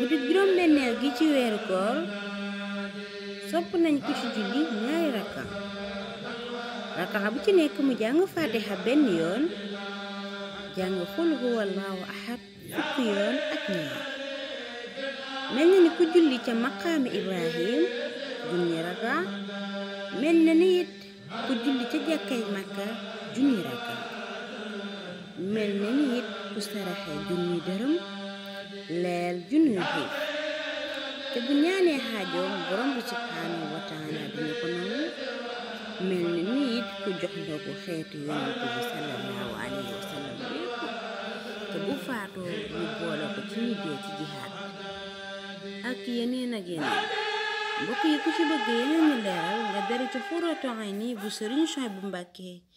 guddi juróom benneel gi ci weeru koor sopp nañ ko ci julli ñaari rakka rakka bu ci nekk mu jàng faatiha benn yoon jàng xul huwallaahu ahad fukki yoon ak ñaar mel na ni ku julli ca maqaami ibrahim junni rakka mel na ni it ku julli ca jàkkay makka junni rakka mel na ni it ku saraxe junni dërëm fayal junniy te bu ñaanee xaajoom borom bi subhaanahu wa taala dina ko nangu mel ni ni ku jox ndogu xeetu yonent bi sallallahu alayhi wa sallam yépp te bu faatoo ñu boole ko ci ñu dee ci jihaad ak yeneen ak yeneen mbokk yi ku ci bëgg yeneen leeral nga dari ci Xurratu Ayni bu Sëriñ Suhaybu bu Mbàkke